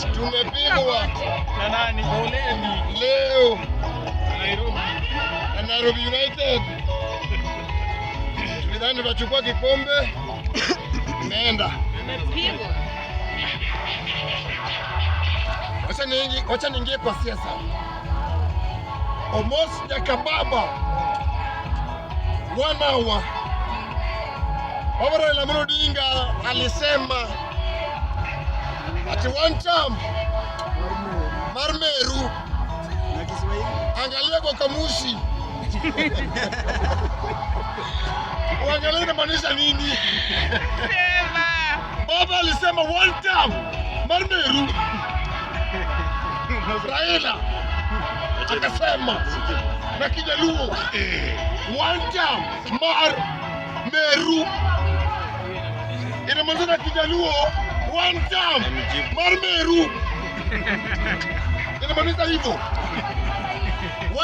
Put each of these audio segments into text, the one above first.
tumepigwa na nani? Oleni leo Nairobi, Nairobi United tulidhani tutachukua kikombe, imeenda Wacha niingie kwa siasa. Omos ya kababa wanawa Raila Odinga alisema Ati one term marmeru angalia kwa kamusi uangalia inamaanisha nini? Baba alisema one term marmeru. Raila akasema na Kijaluo one term mar meru inamaanisha na Kijaluo one time Marmeru inamaanisha hivyo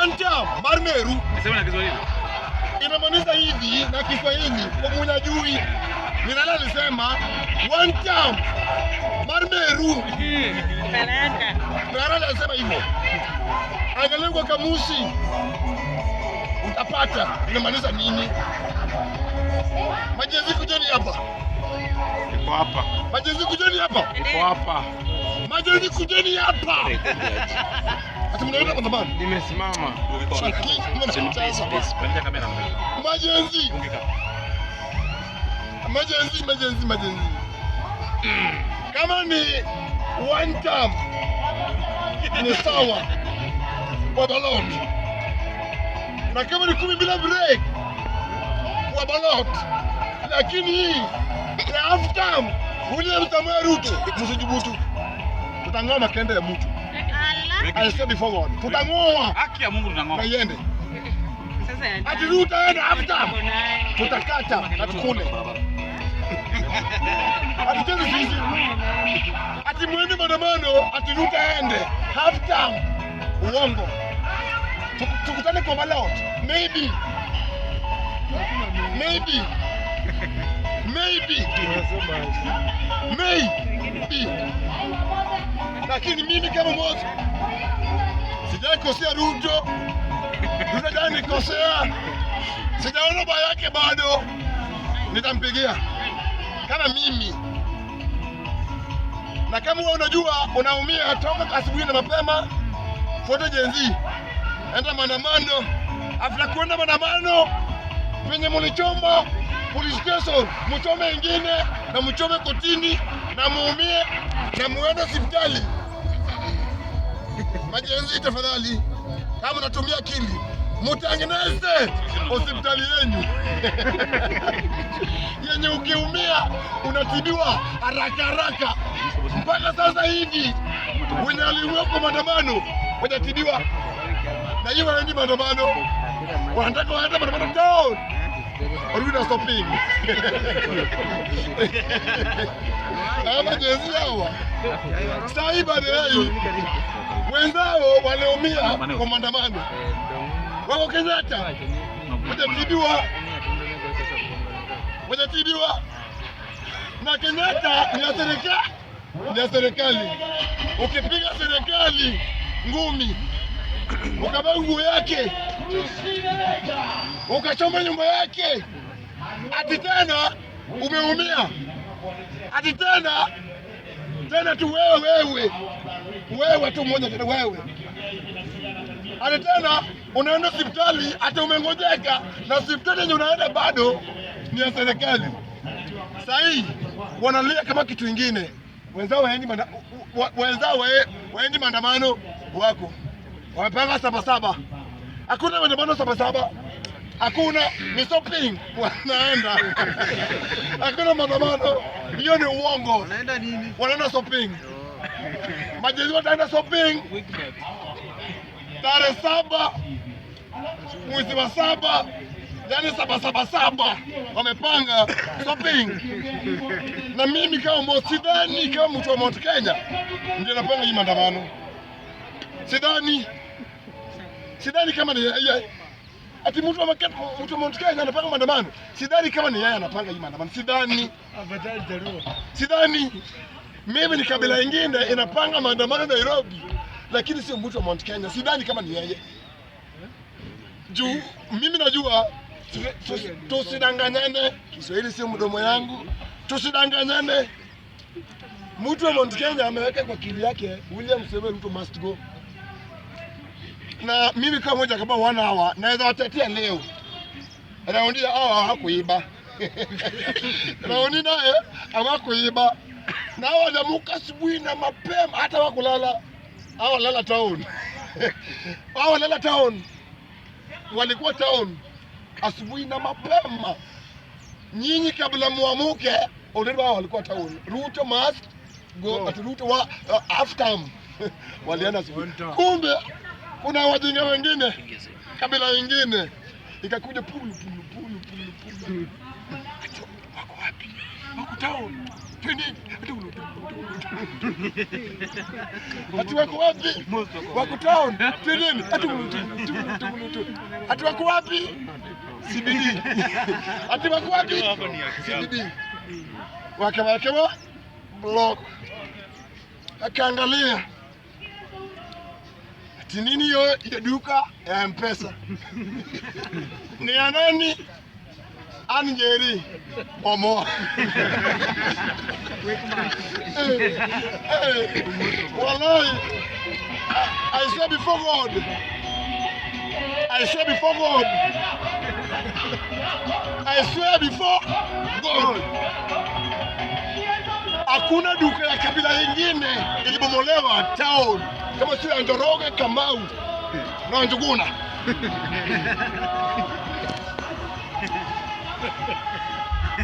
one time Marmeru inamaanisha hivi na Kiswahili wamunyajui Minala nisema one time Marmeru Minala alisema hivyo angalau kwa kamusi utapata inamaanisha nini? Majenzi kujeni hapa Niko hapa. Majenzi kujeni hapa. Niko hapa. Majenzi kujeni hapa. Hata mnaona kwa sababu nimesimama. Majenzi. Majenzi, majenzi, majenzi. Kama ni one time ni sawa kwa balot, na kama ni kumi bila break kwa balot, lakini hii na half term William Samoei Ruto, msijubutu, tutang'oa makende ya mtu. I said before God, tutang'oa haki ya Mungu, tunang'oa iende. Sasa ati Ruto aende half term, tutakata na tukule hatutezi sisi, ati mwende maandamano, ati Ruto aende half term, uongo. Tukutane kwa ballot maybe maybe maybe maybe, lakini mimi kama moja sijaikosea Ruto, Ruto sijaona baya yake bado, nitampigia kama mimi na kama wewe unajua unaumia, toka asubuhi na mapema, fuata Gen enda maandamano. After kuenda maandamano penye mulichoma police station, mchome ingine na mchome kotini na muumie na muende hospitali. Majenzi, tafadhali, kama natumia akili mutengeneze hospitali yenyu yenye ukiumia unatibiwa haraka haraka. Mpaka sasa hivi wenye waliumia kwa maandamano wanatibiwa na hiyo waendi maandamano, wanataka waende maandamano What are we not stopping? Wenzao wanaumia kwa maandamano. Wako Kenyatta. Watatibiwa. Watatibiwa. Na Kenyatta ni ya serikali. Ni ya serikali. Ukipiga serikali ngumi ukavaa nguo yake ukachoma nyumba yake, ati tena umeumia, ati tena tena tu wewe wewe wewe tu mmoja tena wewe, ati tena unaenda hospitali, ati umengojeka na hospitali yenye unaenda bado ni ya serikali. Sahii wanalia kama kitu ingine, wenzao waendi maandamano wako wamepanga sabasaba, hakuna wenye maandamano sabasaba, hakuna ni shopping, wanaenda hakuna maandamano. Hiyo ni uongo. Wanaenda nini? Wanaenda shopping. majezi wataenda shopping tarehe saba mwezi wa saba yani saba saba saba wamepanga shopping na mimi kama mo sidhani kama mtu wa Mount Kenya ndio napanga hii maandamano sidhani Sidhani kama ni yeye. ati mtu wa mtu Mount Kenya anapanga maandamano. Sidhani kama ni yeye anapanga hii maandamano. Sidhani. Sidhani. Mimi ni kabila nyingine inapanga maandamano Nairobi, lakini sio mtu wa Mount Kenya. Sidhani kama ni yeye. Juu mimi najua tusidanganyane, Kiswahili sio mdomo yangu, tusidanganyane. Mtu wa Mount Kenya ameweka kwa akili yake William Ruto must go na mimi kama moja kama wana hawa naweza watetea leo. Raundi hawa hawakuiba Raundi naye hawakuiba na hawa jamuka asubuhi na mapema, hata hawakulala hawa lala town hawa lala town, walikuwa town asubuhi na mapema. Nyinyi kabla muamuke, already hawa walikuwa town. Ruto must go, go. At Ruto wa, uh, after walienda asubuhi kumbe kuna wajinga wengine kabila ingine ikakuja pulu pulu pulu pulu pulu, wako wapi? Wako town Ati wako wapi? Wako town. Twendeni. Ati wako wapi? CBD. Ati wako wapi? CBD. Wakawakewa block. Akaangalia tinini hiyo ya duka ya Mpesa ni ya nani? Anjeri Omo. hey, wallahi I swear before God, I swear before God, I swear before God, hakuna duka ya kabila ingine ilibomolewa town kama sio ya Njoroge, Kamau na Njuguna.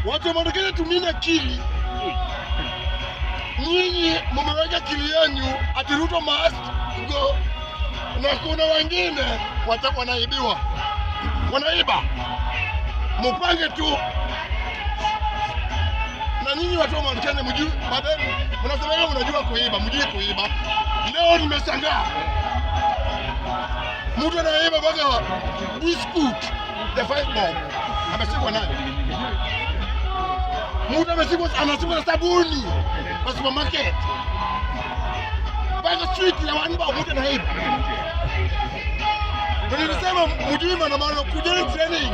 Watu wanataka tumina akili. Nyinyi mmeweka akili yenu ati Ruto must go, na kuna wengine wanaibiwa, wanaiba. Mupange tu nyinyi watu wa Mount Kenya mjui, baadaye mnasema wewe unajua kuiba, mjui kuiba. Leo nimeshangaa mtu anaiba baga wa biscuit the five bob ameshikwa nani? mtu ameshikwa anashikwa na sabuni kwa supermarket baga street ya one bob, mtu anaiba Nilisema mjui maana maana kujeni training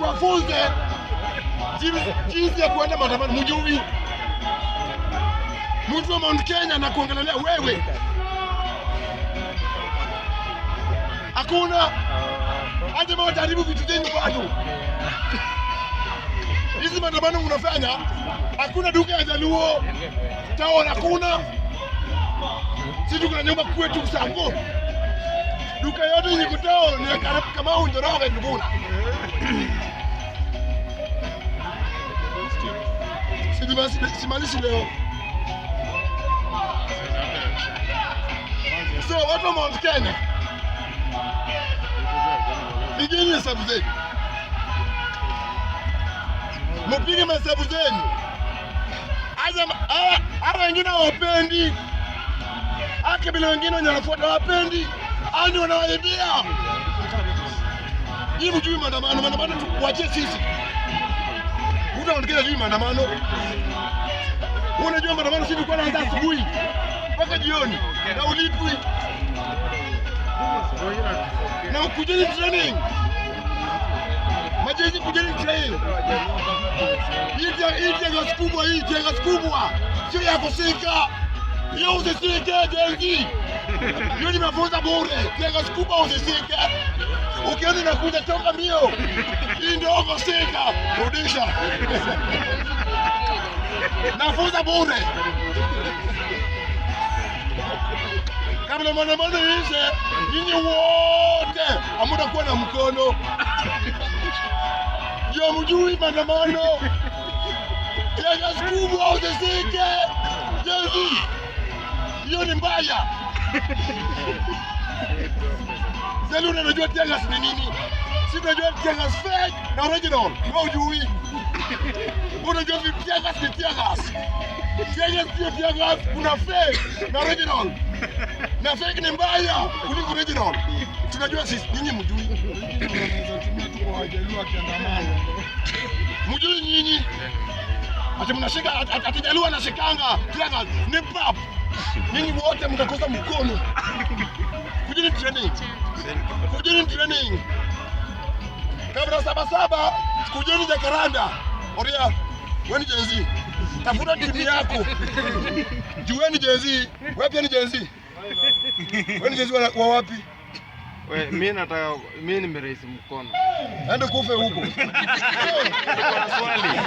tuwafunze jinsi ya kuenda maandamano mjui. Mtu wa Mount Kenya na wewe, hakuna hata mmoja vitu vyenu bado. Hizi maandamano mnafanya, hakuna duka ya Jaluo tawala, hakuna sisi kuna nyumba kwetu Usango duka yote yenye kutoa ni Kamau Njoroge Njuguna simalishi leo. So watu wa Mount Kenya, pigeni hesabu zenu, mupige mahesabu zenu. Hawa wengine hawapendi, akabila wengine wenye wanafuata hawapendi, ani wanawaibia. Hii mjui maandamano, maandamano tuwachie sisi Mbona unakiza hii maandamano? Unajua maandamano sisi tulikuwa naanza asubuhi mpaka jioni na ulipwi. Na ukujeni training. Majeshi kujeni training. Hii hii jengo kubwa hii jengo kubwa. Sio ya kusika. Hiyo usisike jengi. Hiyo ni mafunzo bure. Jengo kubwa usisike ukiona inakuja toka mio hii ndio okosika, rudisha Nafuza bure kabla mwana ishe, nyinyi wote amuda hamtakuwa na mkono juu mjui maandamano yakasukubwa usisike jezi, hiyo ni mbaya yule yaani unajua tears ni nini? Si tunajua tears fake na original. Wewe hujui. Unajua vipi tears ni tears. Tears sio tears, kuna fake na original. Na fake ni mbaya kuliko original. Tunajua sisi nyinyi mjui. Mjui nyinyi. Ati mnashika ati Jaluo anashikanga tears ni pap. Nyinyi wote mtakosa mkono. Kujirini training. kujini training. Kabla saba saba, kujirini Jacaranda. Oria, weni jezi Z. Tafuta timu yako. Jueni Gen Z, wewe ni Gen Weni jezi Z wa wapi? Mimi nataka mimi nimeraise mkono. Ende kufe huko. Swali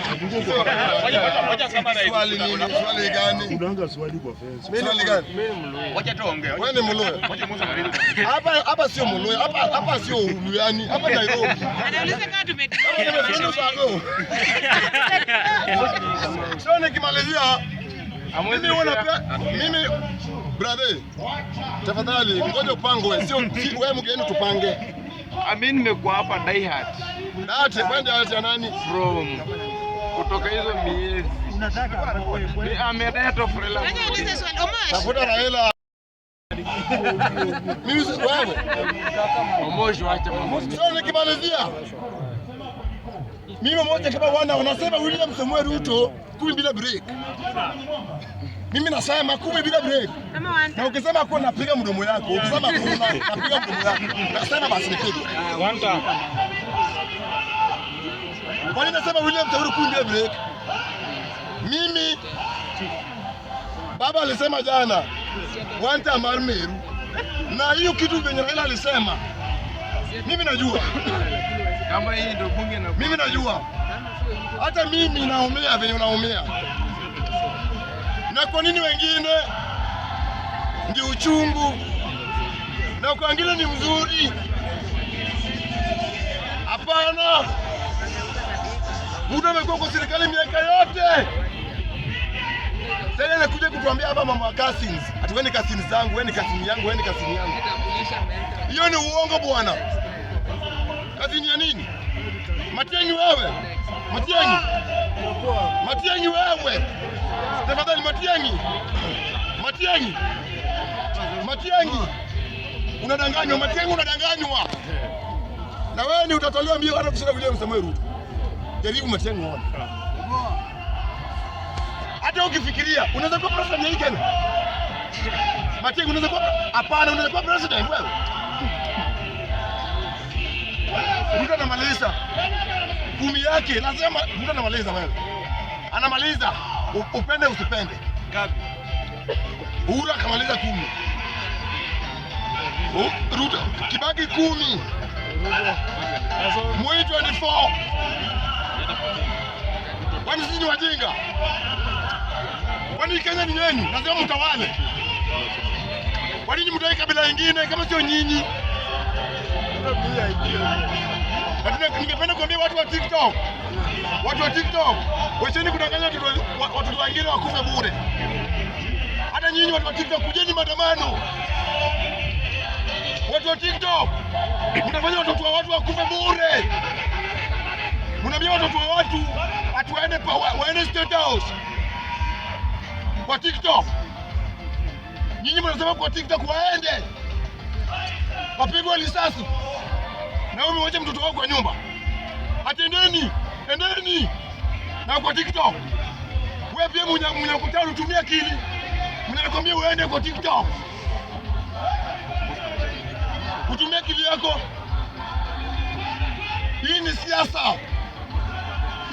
swali gani? Unaanga swali kwa fence. Mimi swali gani? Mimi mluya. Wacha tu ongea. Wewe ni mluya. Wacha muza maliza. Hapa hapa sio mluya. Hapa hapa sio uluyani. Hapa Nairobi. Anauliza kama tumetumia. Sio nikimalizia mimi pia mimi brother, tafadhali ngoja upangwe, sio wewe mgeni tupange. Mimi nimekuwa hapa die hard. Date kwani date nani? From kutoka hizo miezi. Unataka wewe. Amedeta frela. Tafuta Raila. Mimi sio wewe. Omosh acha mambo. Sio nikimalizia. Mimi moja kama wana wanasema William Samuel Ruto kumi bila break. Mimi nasema kumi bila break. Na ukisema hapo napiga mdomo yako. Ukisema hapo napiga mdomo yako. Nasema basi nipige. Wanta. Kwa nini nasema William Samuel kumi bila break? Mimi baba alisema jana Wanta Marmeru. Na hiyo kitu venye Raila alisema mimi najua kama hii ndio bunge na mimi najua. Hata mimi naumia venye unaumia. Na kwa nini wengine ndio uchungu na kwa wengine ni mzuri? Hapana. Buda amekuwa kwa serikali miaka yote. Sasa anakuja kutuambia hapa mama Kasins. Atuweni Kasins zangu, wewe ni Kasins yangu, wewe ni Kasins yangu. Hiyo ni uongo bwana kazini ya nini? Matiangi wewe, Matiangi, Matiangi wewe, tafadhali Matiangi, Matiangi, Matiangi, unadanganywa Matiangi, unadanganywa na wewe ni utatolewa mbio hata kushinda William Samoei Ruto. Jaribu Matiangi uone, hata ukifikiria unaweza kuwa president hii Kenya. Matiangi, unaweza kuwa hapana, unaweza kuwa president wewe mtu anamaliza kumi yake, lazima mtu anamaliza. Wewe anamaliza upende usipende. Ngapi? Uhuru akamaliza kumi, Ruto Kibaki kumi, Moi 24 kwani sisi ni wajinga? Kwani Kenya ni yenyu? Lazima mtawale. Kwa nini mtoe kabila nyingine kama sio nyinyi? na ningependa kuambia watu wa TikTok, watu wa TikTok, wacheni kudanganya watoto wengine wakufe bure. Hata nyinyi watu wa TikTok, kujeni maandamano. Watu wa TikTok, mnafanya watoto wa watu wakufe bure. Mnaambia watoto wa watu ati waende waende State House kwa TikTok. Nyinyi mnasema kwa TikTok waende wapigwe risasi na wewe umewacha mtoto wako kwa nyumba. Atendeni, endeni na kwa TikTok. Wewe pia mwenye mnakutana utumie akili, mnakwambia uende kwa TikTok, utumie akili yako. Hii ni siasa,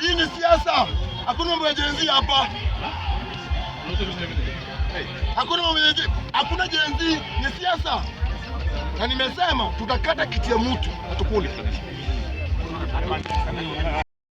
hii ni siasa. Hakuna mambo ya jenzi hapa, hakuna mambo, ya jenzi. hakuna jenzi, ni siasa na nimesema tutakata kiti ya mtu atukule.